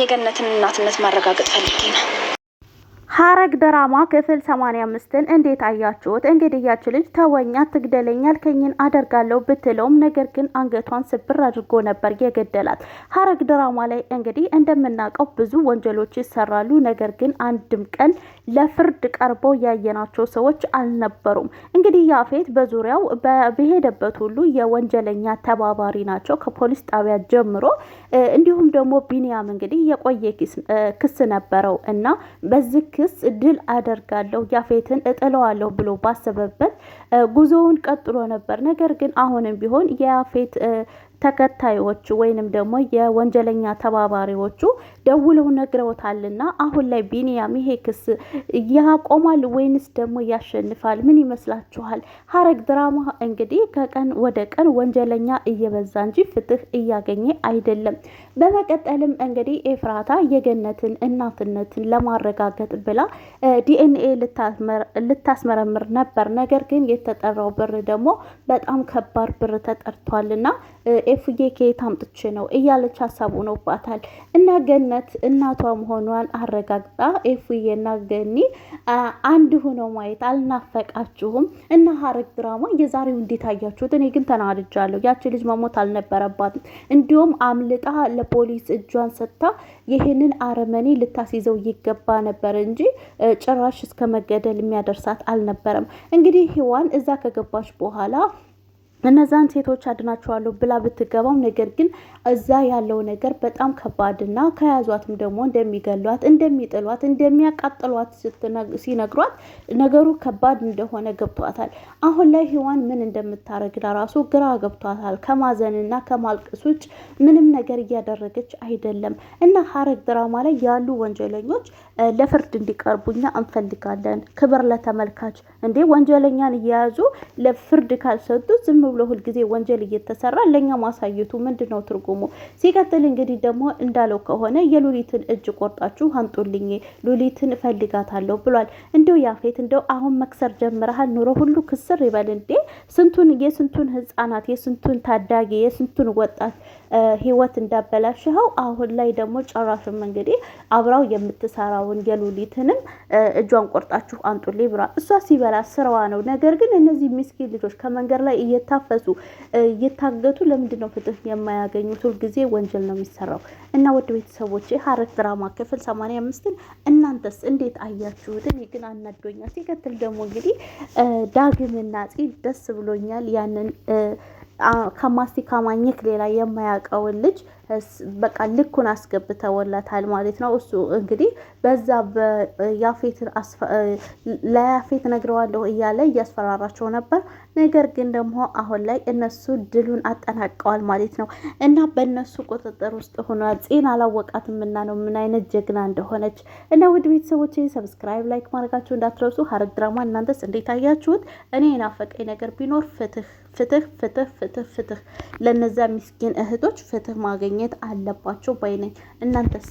የገነትን እናትነት ማረጋገጥ ፈልጌ ነው። ሐረግ ድራማ ክፍል 85ን እንዴት አያችሁት? እንግዲህ ያች ልጅ ተወኛ ትግደለኛ ያልከኝን አደርጋለሁ ብትለውም ነገር ግን አንገቷን ስብር አድርጎ ነበር የገደላት። ሐረግ ድራማ ላይ እንግዲህ እንደምናውቀው ብዙ ወንጀሎች ይሰራሉ። ነገር ግን አንድም ቀን ለፍርድ ቀርበው ያየናቸው ሰዎች አልነበሩም። እንግዲህ ያፌት በዙሪያው በሄደበት ሁሉ የወንጀለኛ ተባባሪ ናቸው ከፖሊስ ጣቢያ ጀምሮ እንዲሁም ደግሞ ቢኒያም እንግዲህ የቆየ ክስ ነበረው እና በዚህ መንግስት ድል አደርጋለሁ ያፌትን እጥለዋለሁ ብሎ ባሰበበት ጉዞውን ቀጥሎ ነበር። ነገር ግን አሁንም ቢሆን የያፌት ተከታዮቹ ወይንም ደግሞ የወንጀለኛ ተባባሪዎቹ ደውለው ነግረውታልና አሁን ላይ ቢኒያም ይሄ ክስ ያቆማል ወይንስ ደግሞ ያሸንፋል? ምን ይመስላችኋል? ሀረግ ድራማ እንግዲህ ከቀን ወደ ቀን ወንጀለኛ እየበዛ እንጂ ፍትህ እያገኘ አይደለም። በመቀጠልም እንግዲህ ኤፍራታ የገነትን እናትነትን ለማረጋገጥ ብላ ዲኤንኤ ልታስመረምር ነበር። ነገር ግን የተጠራው ብር ደግሞ በጣም ከባድ ብር ተጠርቷልና ኤፉዬ ከየት አምጥቼ ነው እያለች ሀሳብ ሆኖባታል። እና ገነት እናቷ መሆኗን አረጋግጣ ኤፍዬ እና ገኒ አንድ ሆነው ማየት አልናፈቃችሁም? እና ሀረግ ድራማ የዛሬው እንዴት አያችሁት? እኔ ግን ተናድጃለሁ። ያቺ ልጅ መሞት አልነበረባትም። እንዲሁም አምልጣ ለፖሊስ እጇን ሰጥታ ይህንን አረመኔ ልታስይዘው ይገባ ነበር እንጂ ጭራሽ እስከ መገደል የሚያደርሳት አልነበረም። እንግዲህ ህዋን እዛ ከገባች በኋላ እነዛን ሴቶች አድናቸዋለሁ ብላ ብትገባም ነገር ግን እዛ ያለው ነገር በጣም ከባድና ከያዟትም ደግሞ እንደሚገሏት፣ እንደሚጥሏት፣ እንደሚያቃጥሏት ሲነግሯት ነገሩ ከባድ እንደሆነ ገብቷታል። አሁን ላይ ሔዋን ምን እንደምታረግ ለራሱ ግራ ገብቷታል። ከማዘንና ከማልቀስ ውጭ ምንም ነገር እያደረገች አይደለም። እና ሐረግ ድራማ ላይ ያሉ ወንጀለኞች ለፍርድ እንዲቀርቡኛ እንፈልጋለን። ክብር ለተመልካች እንዴ! ወንጀለኛን እየያዙ ለፍርድ ካልሰጡ ዝም ሁል ሁልጊዜ ወንጀል እየተሰራ ለእኛ ማሳየቱ ምንድን ነው ትርጉሙ? ሲቀጥል እንግዲህ ደግሞ እንዳለው ከሆነ የሉሊትን እጅ ቆርጣችሁ አንጡልኝ፣ ሉሊትን እፈልጋታለሁ ብሏል። እንደው ያፌት እንደው አሁን መክሰር ጀምረሃል፣ ኑሮ ሁሉ ክስር ይበል እንዴ! ስንቱን የስንቱን ህጻናት የስንቱን ታዳጊ የስንቱን ወጣት ህይወት እንዳበላሽኸው አሁን ላይ ደግሞ ጨራሽም እንግዲህ አብራው የምትሰራውን የሉሊትንም እጇን ቆርጣችሁ አንጡልኝ ብሏል። እሷ ሲበላ ስራዋ ነው። ነገር ግን እነዚህ ሚስኪን ልጆች ከመንገድ ላይ እየታፈ የሚታፈሱ እየታገቱ ለምንድን ነው ፍትህ የማያገኙት? ሁልጊዜ ወንጀል ነው የሚሰራው። እና ወደ ቤተሰቦች ሐረግ ድራማ ክፍል 85ን እናንተስ እንዴት አያችሁት? እኔ ግን አናዶኛል። ሲከትል ደግሞ እንግዲህ ዳግምና ጽ ደስ ብሎኛል። ያንን ከማስቲካ ማኘክ ሌላ የማያውቀውን ልጅ በቃ ልኩን አስገብተውለታል ማለት ነው። እሱ እንግዲህ በዛ ያፌትን ለያፌት ነግረዋለሁ እያለ እያስፈራራቸው ነበር። ነገር ግን ደግሞ አሁን ላይ እነሱ ድሉን አጠናቀዋል ማለት ነው እና በእነሱ ቁጥጥር ውስጥ ሆኗል። ፄን አላወቃትም እና ነው ምን አይነት ጀግና እንደሆነች እና ውድ ቤተሰቦች ሰብስክራይብ፣ ላይክ ማድረጋችሁ እንዳትረሱ። ሐረግ ድራማ እናንተስ እንዴት አያችሁት? እኔ የናፈቀኝ ነገር ቢኖር ፍትህ፣ ፍትህ፣ ፍትህ፣ ፍትህ፣ ፍትህ ለነዛ ሚስኪን እህቶች ፍትህ ማገኘ ማግኘት አለባቸው ባይ ነኝ። እናንተስ?